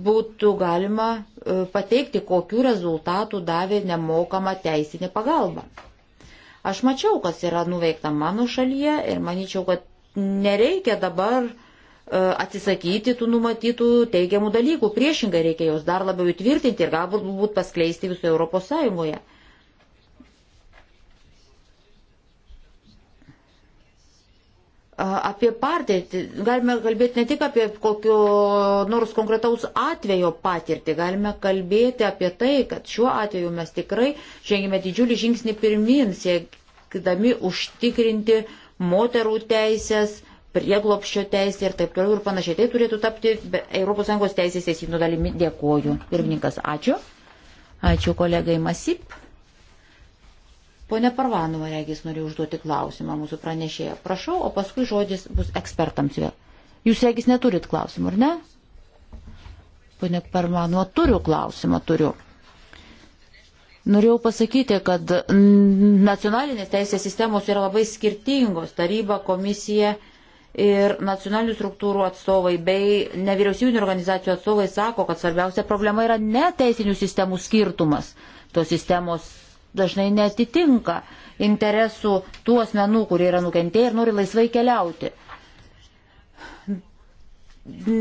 būtų galima e, pateikti, kokiu rezultatu davė nemokama teisinė pagalba. Aš mačiau, kas yra nuveikta mano šalyje ir manyčiau, kad nereikia dabar e, atsisakyti tų numatytų teigiamų dalykų. Priešingai reikia jos dar labiau įtvirtinti ir galbūt paskleisti visoje Europos Sąjungoje. apie patirtį. Galime kalbėti ne tik apie kokio nors konkretaus atvejo patirtį, galime kalbėti apie tai, kad šiuo atveju mes tikrai žengime didžiulį žingsnį pirmin, siekdami užtikrinti moterų teisės, prieglopščio teisė ir taip toliau ir panašiai. Tai turėtų tapti ES teisės esynų dalimi. Dėkoju. Pirmininkas, ačiū. Ačiū kolegai Masip. Pone Parvanova, regis, noriu užduoti klausimą mūsų pranešėją. Prašau, o paskui žodis bus ekspertams vėl. Jūs, regis, neturit klausimų, ar ne? Pone Parvanova, turiu klausimą, turiu. Norėjau pasakyti, kad nacionalinės teisės sistemos yra labai skirtingos. Taryba, komisija ir nacionalinių struktūrų atstovai bei nevyriausybinio organizacijų atstovai sako, kad svarbiausia problema yra ne teisinių sistemų skirtumas. Tos sistemos dažnai netitinka interesų tų asmenų, kurie yra nukentėję ir nori laisvai keliauti.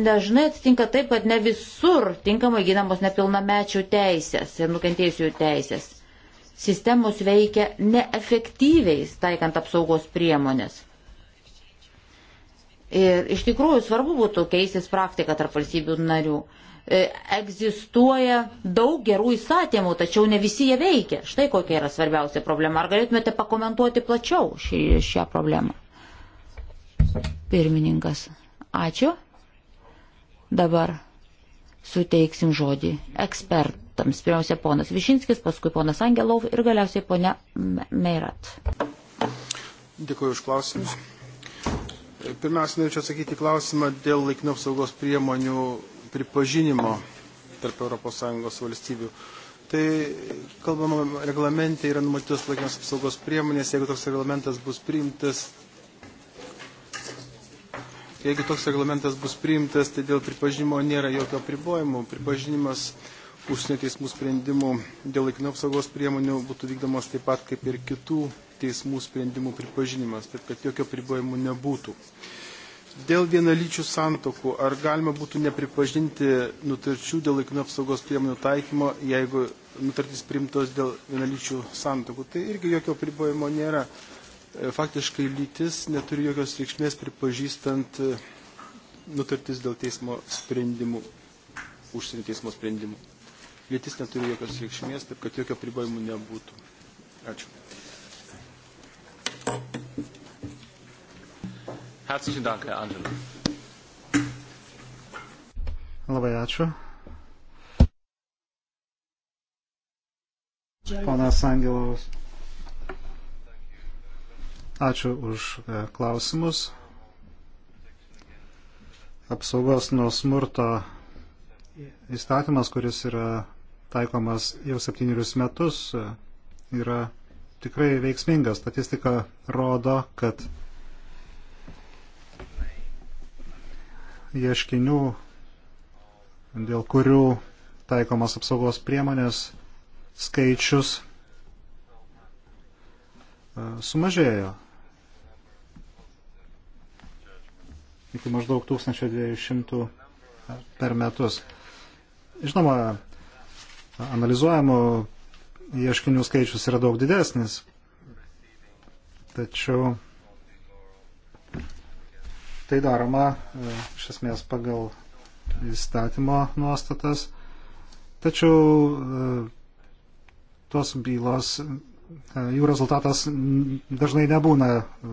Dažnai atsitinka taip, kad ne visur tinkamai ginamos nepilnamečių teisės ir nukentėjusių teisės. Sistemos veikia neefektyviai, taikant apsaugos priemonės. Ir iš tikrųjų svarbu būtų keisis praktika tarp valstybių narių. E, egzistuoja daug gerų įstatymų, tačiau ne visi jie veikia. Štai kokia yra svarbiausia problema. Ar galėtumėte pakomentuoti plačiau šį, šią problemą? Pirmininkas, ačiū. Dabar suteiksim žodį ekspertams. Pirmiausia, ponas Višinskis, paskui ponas Angelov ir galiausiai ponia Meirat. Dėkuoju už klausimus. Pirmiausia, norėčiau atsakyti klausimą dėl laikinų apsaugos priemonių pripažinimo tarp ES valstybių. Tai kalbama reglamente yra numatytos laikinos apsaugos priemonės, jeigu toks reglamentas bus priimtas. Jeigu toks reglamentas bus priimtas, tai dėl pripažinimo nėra jokio apribojimo. Pripažinimas užsienio teismų sprendimų dėl laikinų apsaugos priemonių būtų vykdomas taip pat kaip ir kitų teismų sprendimų pripažinimas, taip kad jokio pribojimų nebūtų. Dėl vienalyčių santokų, ar galima būtų nepripažinti nutarčių dėl laikinų apsaugos priemonių taikymo, jeigu nutartys primtos dėl vienalyčių santokų? Tai irgi jokio pribojimo nėra. E, faktiškai lytis neturi jokios reikšmės pripažįstant e, nutartis dėl teismo sprendimų, užsienio teismo sprendimų. Lytis neturi jokios reikšmės, taip kad jokio pribojimų nebūtų. Ačiū. Herzlichen Dank, Herr Angelo. Labai ačiū. Ponas Angelovas. Ačiū už e, klausimus. Apsaugos nuo smurto įstatymas, kuris yra taikomas jau septynerius metus, e, yra tikrai veiksminga. Statistika rodo, kad ieškinių, dėl kurių taikomas apsaugos priemonės skaičius e, sumažėjo iki maždaug 1200 per metus. Žinoma, analizuojamų ieškinių skaičius yra daug didesnis. Tačiau tai daroma e, iš esmės pagal įstatymo nuostatas. Tačiau e, tos bylos, e, jų rezultatas dažnai nebūna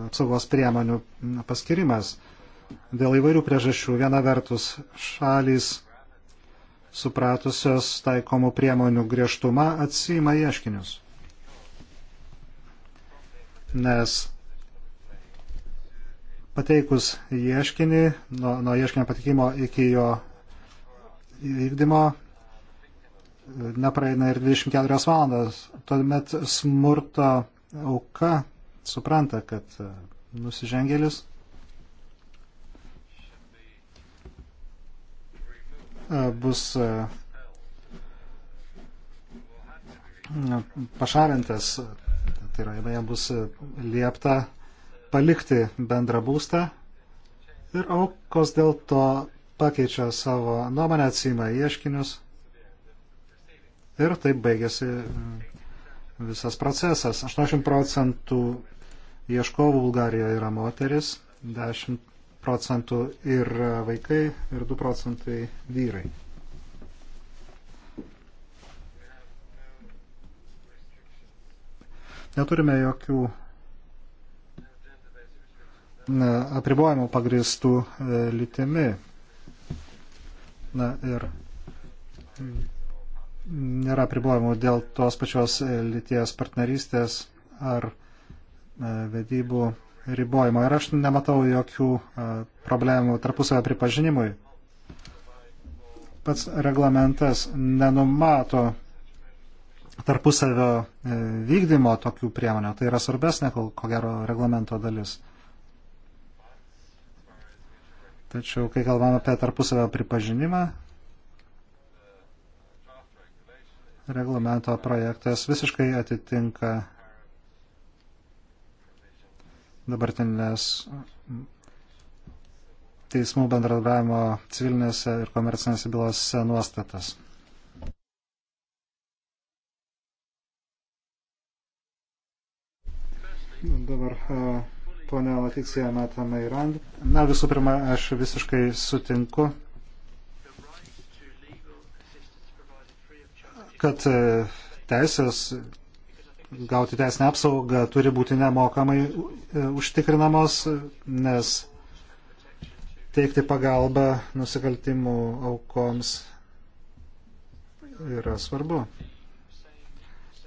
apsaugos priemonių paskirimas dėl įvairių priežasčių. Viena vertus šalis supratusios taikomų priemonių griežtumą, atsima ieškinius. Nes pateikus ieškinį, nuo, nuo ieškinio patikimo iki jo įvykdymo, nepraeina ir 24 valandas. Tuomet smurto auka supranta, kad nusižengėlis bus pašalintas, tai yra jame bus liepta palikti bendrą būstą ir aukos dėl to pakeičia savo nuomonę, atsima ieškinius ir taip baigėsi visas procesas. 80 procentų ieškovų Bulgarijoje yra moteris, 10 procentų ir e, vaikai ir 2 procentai vyrai. Neturime jokių apribojimų pagristų e, lytimi. Na ir nėra apribojimų dėl tos pačios e, lyties partnerystės ar vedybų ribojimo ir aš nematau jokių e, problemų tarpusavio pripažinimui. Pats reglamentas nenumato tarpusavio e, vykdymo tokių priemonių. Tai yra svarbesnė, ko gero, reglamento dalis. Tačiau, kai kalbam apie tarpusavio pripažinimą, reglamento projektas visiškai atitinka dabartinės teismų bendradarbiavimo civilinėse ir komercinėse bylose nuostatas. Dabar ponia Laticija matome į rand. Na, visų pirma, aš visiškai sutinku, kad e, teisės gauti teisinę apsaugą turi būti nemokamai e, užtikrinamos, nes teikti pagalbą nusikaltimų aukoms yra svarbu.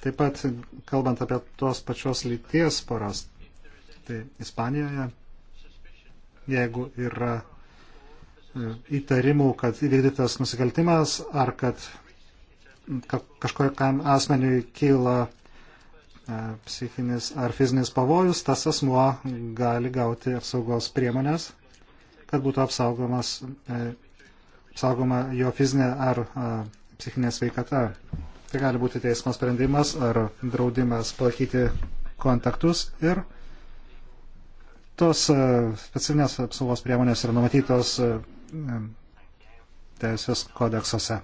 Taip pat, kalbant apie tos pačios lyties poras, tai Ispanijoje, jeigu yra e, įtarimų, kad įvykdytas nusikaltimas ar kad kažkokiam asmeniui kyla psichinis ar fizinis pavojus, tas asmuo gali gauti apsaugos priemonės, kad būtų apsaugomas, e, apsaugoma jo fizinė ar psichinė sveikata. Tai gali būti teismo sprendimas ar draudimas palaikyti kontaktus ir tos specifinės apsaugos priemonės yra numatytos teisės kodeksuose.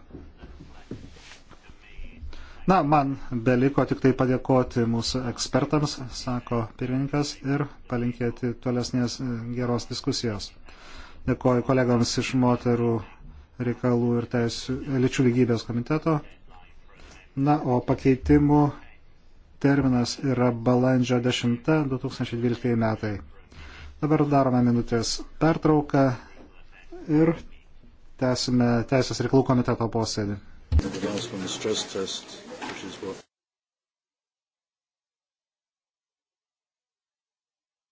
Na, man beliko tik tai padėkoti mūsų ekspertams, sako pirmininkas, ir palinkėti tolesnės e, geros diskusijos. Dėkoju kolegams iš moterų reikalų ir teisų e, lyčių lygybės komiteto. Na, o pakeitimų terminas yra balandžio 10, 2012 metai. Dabar darome minutės pertrauką ir tęsime Teisės reikalų komiteto posėdį. Thank you is worth